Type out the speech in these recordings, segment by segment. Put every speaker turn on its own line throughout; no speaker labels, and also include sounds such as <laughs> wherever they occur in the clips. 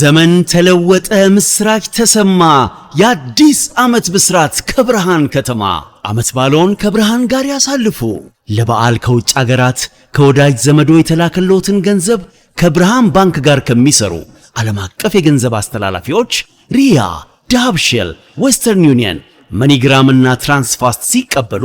ዘመን ተለወጠ፣ ምስራች ተሰማ፣ የአዲስ ዓመት ብስራት ከብርሃን ከተማ። ዓመት ባለውን ከብርሃን ጋር ያሳልፉ። ለበዓል ከውጭ አገራት ከወዳጅ ዘመዶ የተላከሎትን ገንዘብ ከብርሃን ባንክ ጋር ከሚሰሩ ዓለም አቀፍ የገንዘብ አስተላላፊዎች ሪያ፣ ዳብሽል፣ ዌስተርን ዩኒየን፣ መኒግራም እና ትራንስፋስት ሲቀበሉ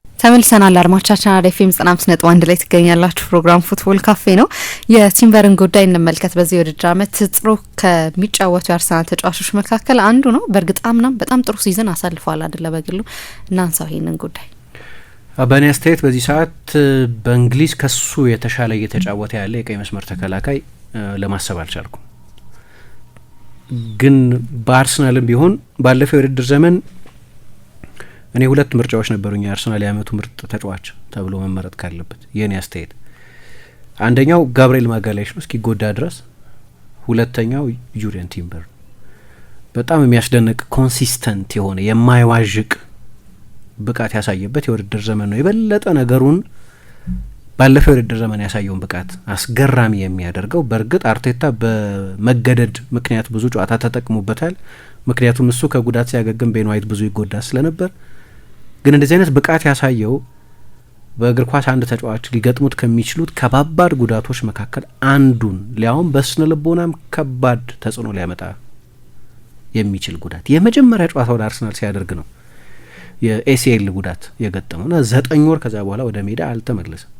ተመልሰናል አድማቻችን አራዳ ኤፍ ኤም ዘጠና አምስት ነጥብ አንድ ላይ ትገኛላችሁ። ፕሮግራም ፉትቦል ካፌ ነው። የቲምበርን ጉዳይ እንመልከት። በዚህ የውድድር አመት ጥሩ ከሚጫወቱ የአርሰናል ተጫዋቾች መካከል አንዱ ነው። በእርግጥ በጣም ጥሩ ሲዝን አሳልፏል አደለ? በግሉ እናንሳው ይህንን ጉዳይ።
በእኔ አስተያየት በዚህ ሰዓት በእንግሊዝ ከሱ የተሻለ እየተጫወተ ያለ የቀይ መስመር ተከላካይ ለማሰብ አልቻልኩም። ግን በአርሰናልም ቢሆን ባለፈው የውድድር ዘመን እኔ ሁለት ምርጫዎች ነበሩኝ የአርሰናል የአመቱ ምርጥ ተጫዋች ተብሎ መመረጥ ካለበት የእኔ አስተያየት አንደኛው ጋብርኤል ማጋላሽ ነው እስኪጎዳ ድረስ፣ ሁለተኛው ጁሪያን ቲምበር በጣም የሚያስደንቅ ኮንሲስተንት የሆነ የማይዋዥቅ ብቃት ያሳየበት የውድድር ዘመን ነው። የበለጠ ነገሩን ባለፈው የውድድር ዘመን ያሳየውን ብቃት አስገራሚ የሚያደርገው በእርግጥ አርቴታ በመገደድ ምክንያት ብዙ ጨዋታ ተጠቅሞበታል። ምክንያቱም እሱ ከጉዳት ሲያገግም ቤንዋይት ብዙ ይጎዳ ስለነበር ግን እንደዚህ አይነት ብቃት ያሳየው በእግር ኳስ አንድ ተጫዋች ሊገጥሙት ከሚችሉት ከባባድ ጉዳቶች መካከል አንዱን ሊያውም በስነ ልቦናም ከባድ ተጽዕኖ ሊያመጣ የሚችል ጉዳት የመጀመሪያ ጨዋታ ወደ አርሰናል ሲያደርግ ነው የኤሲኤል ጉዳት እና ዘጠኝ ወር ከዛ በኋላ ወደ ሜዳ አልተመለሰም።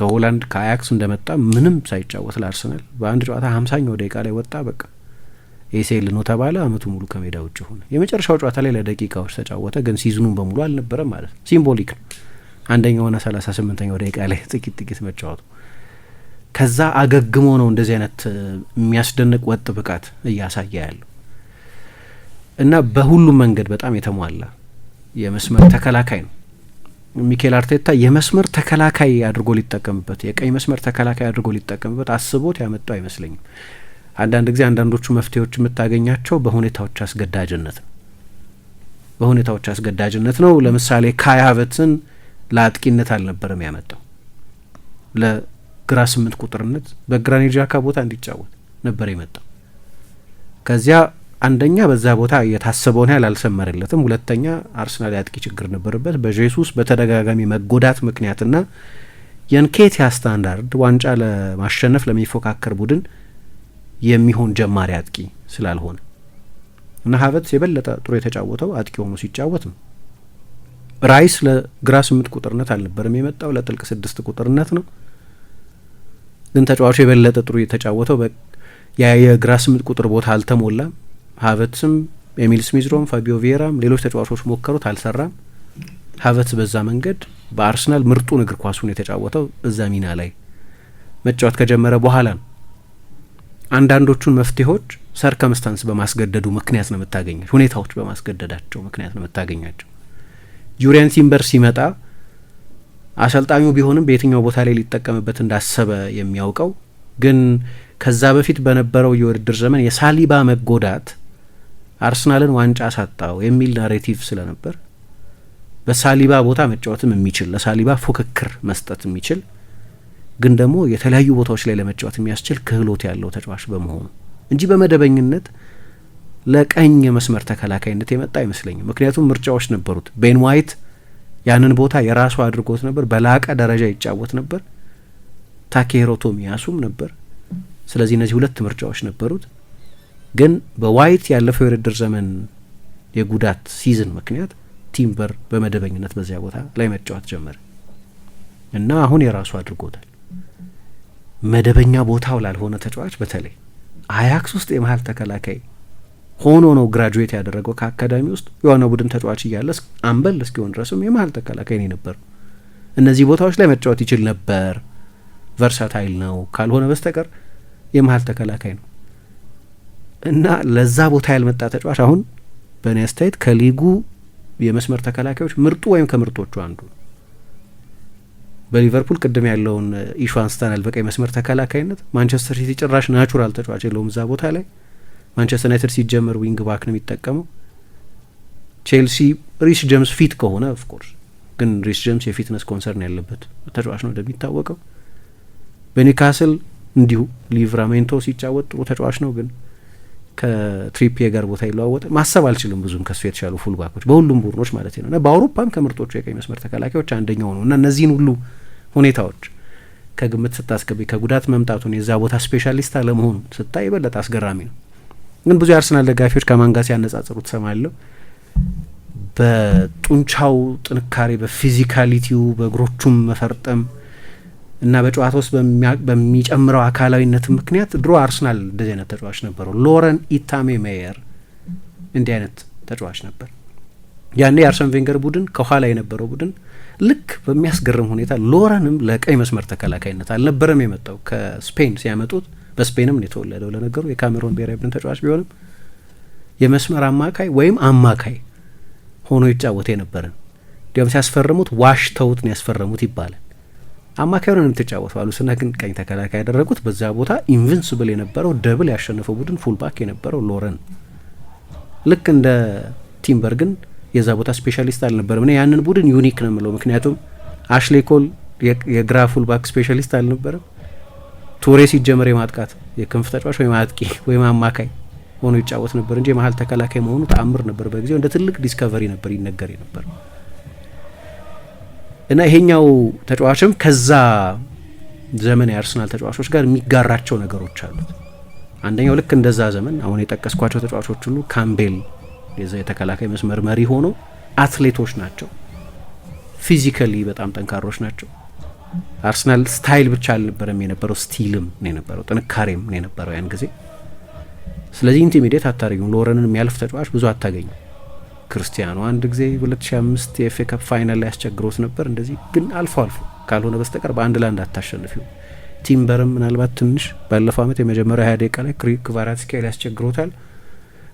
ከሆላንድ ከአያክስ እንደመጣ ምንም ሳይጫወት ለአርሰናል በአንድ ጨዋታ ሀምሳኛው ደቂቃ ላይ ወጣ። በቃ ኤሴል ነው ተባለ። አመቱ ሙሉ ከሜዳ ውጭ ሆነ። የመጨረሻው ጨዋታ ላይ ለደቂቃዎች ተጫወተ፣ ግን ሲዝኑን በሙሉ አልነበረም ማለት ነው። ሲምቦሊክ ነው። አንደኛ ሆነ ሰላሳ ስምንተኛው ደቂቃ ላይ ጥቂት ጥቂት መጫወቱ ከዛ አገግሞ ነው እንደዚህ አይነት የሚያስደንቅ ወጥ ብቃት እያሳየ ያለው እና በሁሉም መንገድ በጣም የተሟላ የመስመር ተከላካይ ነው። ሚኬል አርቴታ የመስመር ተከላካይ አድርጎ ሊጠቀምበት የቀኝ መስመር ተከላካይ አድርጎ ሊጠቀምበት አስቦት ያመጣው አይመስለኝም። አንዳንድ ጊዜ አንዳንዶቹ መፍትሄዎች የምታገኛቸው በሁኔታዎች አስገዳጅነት ነው። በሁኔታዎች አስገዳጅነት ነው። ለምሳሌ ካይ ለአጥቂነት አልነበረም ያመጣው፣ ለግራ ስምንት ቁጥርነት በግራኒት ዣካ ቦታ እንዲጫወት ነበር የመጣው። ከዚያ አንደኛ በዛ ቦታ የታሰበውን ያህል አልሰመረለትም፣ ሁለተኛ አርሰናል የአጥቂ ችግር ነበረበት። በጄሱስ በተደጋጋሚ መጎዳት ምክንያትና የንኬቲያ ስታንዳርድ ዋንጫ ለማሸነፍ ለሚፎካከር ቡድን የሚሆን ጀማሪ አጥቂ ስላልሆነ እና ሀበት የበለጠ ጥሩ የተጫወተው አጥቂ ሆኖ ሲጫወት ነው። ራይስ ለግራ ስምንት ቁጥርነት አልነበርም የመጣው ለጥልቅ ስድስት ቁጥርነት ነው። ግን ተጫዋቹ የበለጠ ጥሩ የተጫወተው የግራ ስምንት ቁጥር ቦታ አልተሞላም። ሀቨትስም ኤሚል ስሚዝሮም ፋቢዮ ቪዬራም ሌሎች ተጫዋቾች ሞከሩት፣ አልሰራም። ሀበት በዛ መንገድ በአርሰናል ምርጡን እግር ኳሱን የተጫወተው እዛ ሚና ላይ መጫወት ከጀመረ በኋላ ነው። አንዳንዶቹን መፍትሄዎች ሰርከምስታንስ በማስገደዱ ምክንያት ነው የምታገኛቸው፣ ሁኔታዎች በማስገደዳቸው ምክንያት ነው የምታገኛቸው። ጁሪያን ቲምበር ሲመጣ አሰልጣኙ ቢሆንም በየትኛው ቦታ ላይ ሊጠቀምበት እንዳሰበ የሚያውቀው ግን ከዛ በፊት በነበረው የውድድር ዘመን የሳሊባ መጎዳት አርሰናልን ዋንጫ ሳጣው የሚል ናሬቲቭ ስለነበር በሳሊባ ቦታ መጫወትም የሚችል ለሳሊባ ፉክክር መስጠት የሚችል ግን ደግሞ የተለያዩ ቦታዎች ላይ ለመጫወት የሚያስችል ክህሎት ያለው ተጫዋች በመሆኑ እንጂ በመደበኝነት ለቀኝ መስመር ተከላካይነት የመጣ አይመስለኝም። ምክንያቱም ምርጫዎች ነበሩት። ቤን ዋይት ያንን ቦታ የራሱ አድርጎት ነበር፣ በላቀ ደረጃ ይጫወት ነበር። ታኬሂሮ ቶሚያሱም ነበር። ስለዚህ እነዚህ ሁለት ምርጫዎች ነበሩት። ግን በዋይት ያለፈው የውድድር ዘመን የጉዳት ሲዝን ምክንያት ቲምበር በመደበኝነት በዚያ ቦታ ላይ መጫወት ጀመረ እና አሁን የራሱ አድርጎታል። መደበኛ ቦታው ላልሆነ ተጫዋች በተለይ አያክስ ውስጥ የመሀል ተከላካይ ሆኖ ነው ግራጁዌት ያደረገው ከአካዳሚ ውስጥ የዋና ቡድን ተጫዋች እያለ አምበል እስኪሆን ድረስም የመሀል ተከላካይ ነው ነበር። እነዚህ ቦታዎች ላይ መጫወት ይችል ነበር። ቨርሳታይል ነው ካልሆነ በስተቀር የመሀል ተከላካይ ነው እና ለዛ ቦታ ያልመጣ ተጫዋች አሁን በእኔ አስተያየት ከሊጉ የመስመር ተከላካዮች ምርጡ ወይም ከምርጦቹ አንዱ ነው። በሊቨርፑል ቅድም ያለውን ኢሹ አንስተናል። በቀይ መስመር ተከላካይነት ማንቸስተር ሲቲ ጭራሽ ናቹራል ተጫዋች የለውም እዛ ቦታ ላይ። ማንቸስተር ዩናይትድ ሲጀመር ዊንግ ባክ ነው የሚጠቀመው። ቼልሲ ሪስ ጀምስ ፊት ከሆነ ኦፍኮርስ፣ ግን ሪስ ጀምስ የፊትነስ ኮንሰርን ያለበት ተጫዋች ነው እንደሚታወቀው። በኒካስል እንዲሁ ሊቭራሜንቶ ሲጫወት ጥሩ ተጫዋች ነው ግን ከትሪፒዬ ጋር ቦታ ይለዋወጠ ማሰብ አልችልም። ብዙም ከሱ የተሻሉ ፉልባኮች በሁሉም ቡድኖች ማለት ነው እና በአውሮፓም ከምርጦቹ የቀኝ መስመር ተከላካዮች አንደኛው ነው እና እነዚህን ሁሉ ሁኔታዎች ከግምት ስታስገቢ ከጉዳት መምጣቱን የዛ ቦታ ስፔሻሊስት አለመሆኑ ስታይ የበለጠ አስገራሚ ነው። ግን ብዙ የአርሰናል ደጋፊዎች ከማን ጋር ሲያነጻጽሩ ትሰማለሁ። በጡንቻው ጥንካሬ፣ በፊዚካሊቲው፣ በእግሮቹም መፈርጠም እና በጨዋታ ውስጥ በሚጨምረው አካላዊነት ምክንያት ድሮ አርሰናል እንደዚህ አይነት ተጫዋች ነበሩ። ሎረን ኢታሜ ሜየር እንዲህ አይነት ተጫዋች ነበር። ያኔ የአርሰን ቬንገር ቡድን ከኋላ የነበረው ቡድን ልክ በሚያስገርም ሁኔታ ሎረንም ለቀይ መስመር ተከላካይነት አልነበረም የመጣው ከስፔን ሲያመጡት፣ በስፔንም የተወለደው ለነገሩ የካሜሮን ብሔራዊ ቡድን ተጫዋች ቢሆንም የመስመር አማካይ ወይም አማካይ ሆኖ ይጫወት የነበረን እንዲያውም ሲያስፈርሙት ዋሽተውት ነው ያስፈረሙት ይባላል። አማካይ ሆነን የምትጫወተው አሉስና ግን ቀኝ ተከላካይ ያደረጉት በዛ ቦታ ኢንቨንስብል የነበረው ደብል ያሸነፈው ቡድን ፉልባክ የነበረው ሎረን ልክ እንደ ቲምበር ግን የዛ ቦታ ስፔሻሊስት አልነበረም። እኔ ያንን ቡድን ዩኒክ ነው የምለው ምክንያቱም አሽሌ ኮል የግራ ፉልባክ ስፔሻሊስት አልነበረም። ቱሬ ሲጀመር የማጥቃት የክንፍ ተጫዋች ወይም አጥቂ ወይም አማካይ ሆኖ ይጫወት ነበር እንጂ የመሀል ተከላካይ መሆኑ ተአምር ነበር። በጊዜው እንደ ትልቅ ዲስከቨሪ ነበር ይነገር ነበር። እና ይሄኛው ተጫዋችም ከዛ ዘመን የአርሰናል ተጫዋቾች ጋር የሚጋራቸው ነገሮች አሉት። አንደኛው ልክ እንደዛ ዘመን አሁን የጠቀስኳቸው ተጫዋቾች ሁሉ ካምቤል የዛ የተከላካይ መስመር መሪ ሆኖ አትሌቶች ናቸው። ፊዚካሊ በጣም ጠንካሮች ናቸው። አርሰናል ስታይል ብቻ አልነበረም የነበረው ስቲልም ነው የነበረው፣ ጥንካሬም ነው የነበረው ያን ጊዜ። ስለዚህ ኢንቲሚዴት አታደርጊውም። ሎረንን የሚያልፍ ተጫዋች ብዙ አታገኙ። ክርስቲያኖ አንድ ጊዜ 2005 የኤፍኤ ካፕ ፋይናል ላይ ያስቸግሮት ነበር። እንደዚህ ግን አልፎ አልፎ ካልሆነ በስተቀር በአንድ ላንድ አታሸንፊው። ቲምበርም ምናልባት ትንሽ ባለፈው ዓመት የመጀመሪያ ሀያ ደቂቃ ላይ ክሪክ ያስቸግሮታል።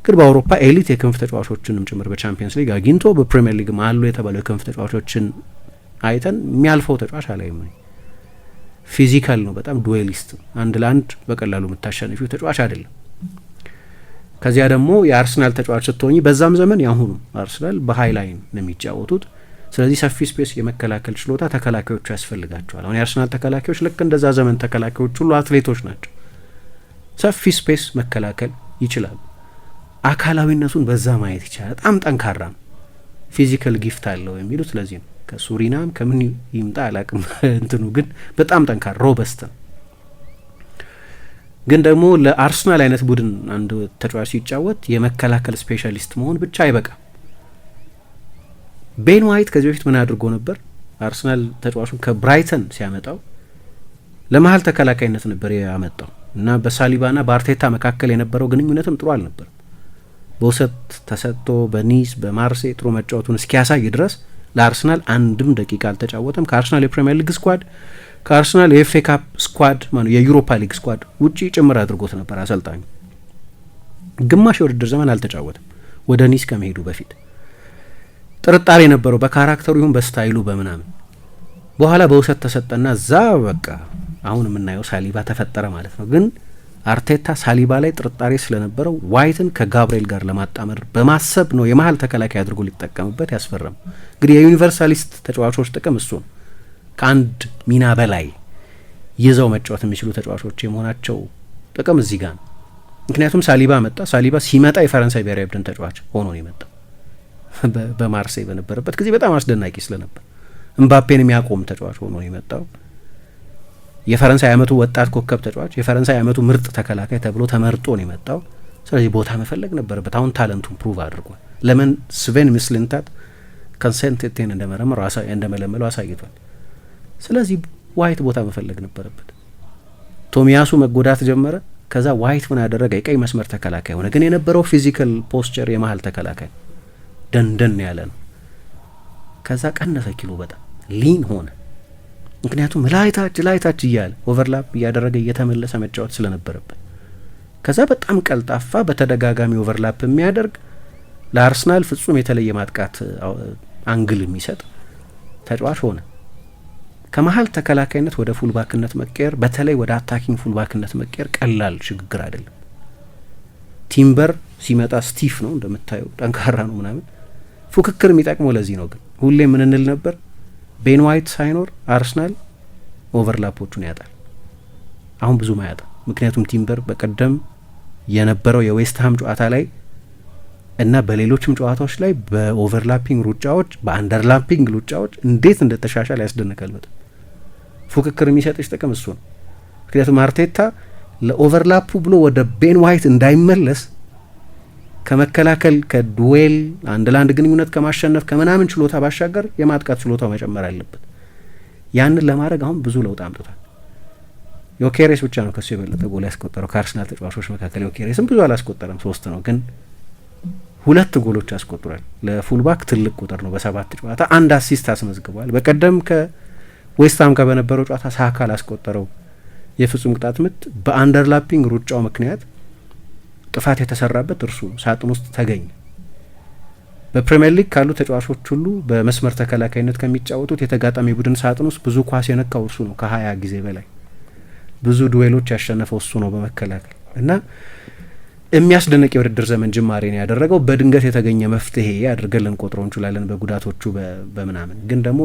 ግን በአውሮፓ ኤሊት የክንፍ ተጫዋቾችንም ጭምር በቻምፒየንስ ሊግ አግኝቶ በፕሪምየር ሊግም አሉ የተባለው የክንፍ ተጫዋቾችን አይተን የሚያልፈው ተጫዋች አላይም። ፊዚካል ነው፣ በጣም ዱዌሊስት አንድ ለአንድ በቀላሉ የምታሸንፊው ተጫዋች አይደለም። ከዚያ ደግሞ የአርሰናል ተጫዋች ስትሆኝ በዛም ዘመን ያሁኑ አርሰናል በሀይ ላይን ነው የሚጫወቱት። ስለዚህ ሰፊ ስፔስ የመከላከል ችሎታ ተከላካዮቹ ያስፈልጋቸዋል። አሁን የአርሰናል ተከላካዮች ልክ እንደዛ ዘመን ተከላካዮች ሁሉ አትሌቶች ናቸው። ሰፊ ስፔስ መከላከል ይችላሉ። አካላዊነቱን በዛ ማየት ይቻላል። በጣም ጠንካራ ነው። ፊዚካል ጊፍት አለው የሚሉት ስለዚህ ነው። ከሱሪናም ከምን ይምጣ አላቅም <laughs> እንትኑ ግን በጣም ጠንካራ ሮበስት ነው። ግን ደግሞ ለአርሰናል አይነት ቡድን አንድ ተጫዋች ሲጫወት የመከላከል ስፔሻሊስት መሆን ብቻ አይበቃም። ቤን ዋይት ከዚህ በፊት ምን አድርጎ ነበር? አርሰናል ተጫዋቹን ከብራይተን ሲያመጣው ለመሀል ተከላካይነት ነበር ያመጣው እና በሳሊባና በአርቴታ መካከል የነበረው ግንኙነትም ጥሩ አልነበርም። በውሰት ተሰጥቶ በኒስ በማርሴ ጥሩ መጫወቱን እስኪያሳይ ድረስ ለአርሰናል አንድም ደቂቃ አልተጫወተም። ከአርሰናል የፕሪምየር ሊግ ስኳድ ከአርሰናል የኤፍ ኤ ካፕ ስኳድ ማ የዩሮፓ ሊግ ስኳድ ውጪ ጭምር አድርጎት ነበር አሰልጣኙ። ግማሽ የውድድር ዘመን አልተጫወተም ወደ ኒስ ከመሄዱ በፊት ጥርጣሬ ነበረው በካራክተሩ ይሁን በስታይሉ በምናምን። በኋላ በውሰት ተሰጠና እዛ በቃ አሁን የምናየው ሳሊባ ተፈጠረ ማለት ነው ግን አርቴታ ሳሊባ ላይ ጥርጣሬ ስለነበረው ዋይትን ከጋብርኤል ጋር ለማጣመር በማሰብ ነው የመሀል ተከላካይ አድርጎ ሊጠቀምበት ያስፈረም። እንግዲህ የዩኒቨርሳሊስት ተጫዋቾች ጥቅም እሱ ነው። ከአንድ ሚና በላይ ይዘው መጫወት የሚችሉ ተጫዋቾች የመሆናቸው ጥቅም እዚህ ጋር ነው። ምክንያቱም ሳሊባ መጣ። ሳሊባ ሲመጣ የፈረንሳይ ብሔራዊ ቡድን ተጫዋች ሆኖ ነው የመጣው። በማርሴይ በነበረበት ጊዜ በጣም አስደናቂ ስለነበር እምባፔን የሚያቆም ተጫዋች ሆኖ ነው የመጣው። የፈረንሳይ አመቱ ወጣት ኮከብ ተጫዋች፣ የፈረንሳይ አመቱ ምርጥ ተከላካይ ተብሎ ተመርጦ ነው የመጣው። ስለዚህ ቦታ መፈለግ ነበረበት። አሁን ታለንቱን ፕሩቭ አድርጓል። ለምን ስቬን ሚስሊንታት ከንሴንቴቴን እንደመለመለው አሳይቷል። ስለዚህ ዋይት ቦታ መፈለግ ነበረበት። ቶሚያሱ መጎዳት ጀመረ። ከዛ ዋይት ምን ያደረገ? የቀይ መስመር ተከላካይ ሆነ። ግን የነበረው ፊዚካል ፖስቸር የመሀል ተከላካይ ደንደን ያለ ነው። ከዛ ቀነሰ ኪሎ በጣም ሊን ሆነ። ምክንያቱም ላይታች ላይታች እያለ ኦቨርላፕ እያደረገ እየተመለሰ መጫወት ስለነበረበት ከዛ በጣም ቀልጣፋ በተደጋጋሚ ኦቨርላፕ የሚያደርግ ለአርሰናል ፍጹም የተለየ ማጥቃት አንግል የሚሰጥ ተጫዋች ሆነ። ከመሀል ተከላካይነት ወደ ፉልባክነት መቀየር፣ በተለይ ወደ አታኪንግ ፉልባክነት መቀየር ቀላል ሽግግር አይደለም። ቲምበር ሲመጣ ስቲፍ ነው እንደምታየው፣ ጠንካራ ነው ምናምን። ፉክክር የሚጠቅመው ለዚህ ነው። ግን ሁሌ ምን እንል ነበር? ቤን ዋይት ሳይኖር አርሰናል ኦቨርላፖቹን ያጣል። አሁን ብዙም አያጣም፣ ምክንያቱም ቲምበር በቀደም የነበረው የዌስትሃም ጨዋታ ላይ እና በሌሎችም ጨዋታዎች ላይ በኦቨርላፒንግ ሩጫዎች በአንደርላፒንግ ሩጫዎች እንዴት እንደተሻሻል ያስደንቃል። በጣም ፉክክር የሚሰጥሽ ጥቅም እሱ ነው። ምክንያቱም አርቴታ ለኦቨርላፑ ብሎ ወደ ቤን ዋይት እንዳይመለስ ከመከላከል ከዱዌል አንድ ለአንድ ግንኙነት ከማሸነፍ ከምናምን ችሎታ ባሻገር የማጥቃት ችሎታው መጨመር አለበት። ያንን ለማድረግ አሁን ብዙ ለውጥ አምጥቷል። ዮኬሬስ ብቻ ነው ከሱ የበለጠ ጎል ያስቆጠረው ከአርሰናል ተጫዋቾች መካከል። ዮኬሬስም ብዙ አላስቆጠረም፣ ሶስት ነው ግን ሁለት ጎሎች አስቆጥሯል። ለፉልባክ ትልቅ ቁጥር ነው። በሰባት ጨዋታ አንድ አሲስት አስመዝግቧል። በቀደም ከዌስትሃም ጋር በነበረው ጨዋታ ሳካ ላስቆጠረው የፍጹም ቅጣት ምት በአንደርላፒንግ ሩጫው ምክንያት ጥፋት የተሰራበት እርሱ ሳጥን ውስጥ ተገኘ። በፕሪምየር ሊግ ካሉ ተጫዋቾች ሁሉ በመስመር ተከላካይነት ከሚጫወቱት የተጋጣሚ ቡድን ሳጥን ውስጥ ብዙ ኳስ የነካው እርሱ ነው። ከሀያ ጊዜ በላይ ብዙ ዱዌሎች ያሸነፈው እሱ ነው በመከላከል እና የሚያስደንቅ የውድድር ዘመን ጅማሬ ነው ያደረገው። በድንገት የተገኘ መፍትሄ አድርገን ልንቆጥረው እንችላለን፣ በጉዳቶቹ በምናምን። ግን ደግሞ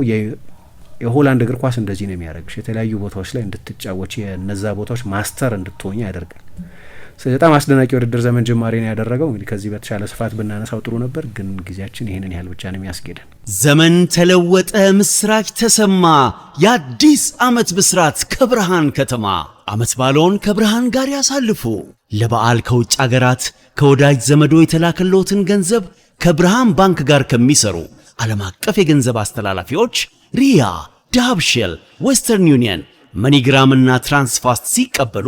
የሆላንድ እግር ኳስ እንደዚህ ነው የሚያደርግሽ። የተለያዩ ቦታዎች ላይ እንድትጫወች የነዛ ቦታዎች ማስተር እንድትሆኝ ያደርጋል። በጣም አስደናቂ ውድድር ዘመን ጅማሬ ነው ያደረገው። እንግዲህ ከዚህ በተሻለ ስፋት ብናነሳው ጥሩ ነበር፣ ግን ጊዜያችን ይህንን ያህል ብቻ ነው የሚያስጌደን።
ዘመን ተለወጠ፣ ምስራች ተሰማ። የአዲስ ዓመት ብስራት ከብርሃን ከተማ ዓመት ባለውን ከብርሃን ጋር ያሳልፉ። ለበዓል ከውጭ አገራት ከወዳጅ ዘመዶ የተላከለትን ገንዘብ ከብርሃን ባንክ ጋር ከሚሰሩ ዓለም አቀፍ የገንዘብ አስተላላፊዎች ሪያ፣ ዳብሽል፣ ዌስተርን ዩኒየን፣ መኒግራም እና ትራንስፋስት ሲቀበሉ